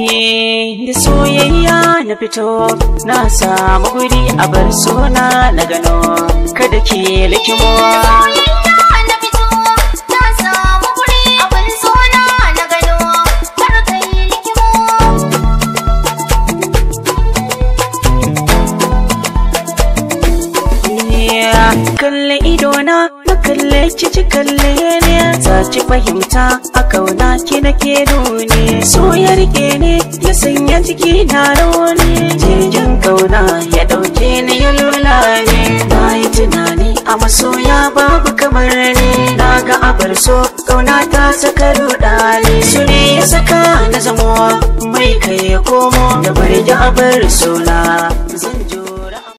ne da soyayya na fito na samu guri a bar suna na gano kada ke likimo kalle idona na kalle cici kalle ne za ci fahimta a kauna ki nake duniya so ya ya sanya ciki na rauni jirgin kauna ya dauke ni ya ne na yi tunani a masoya babu kamar ni. na ga abar so kauna ta saka rudani su ne ya saka na zamo mai kai ya komo da bari da abar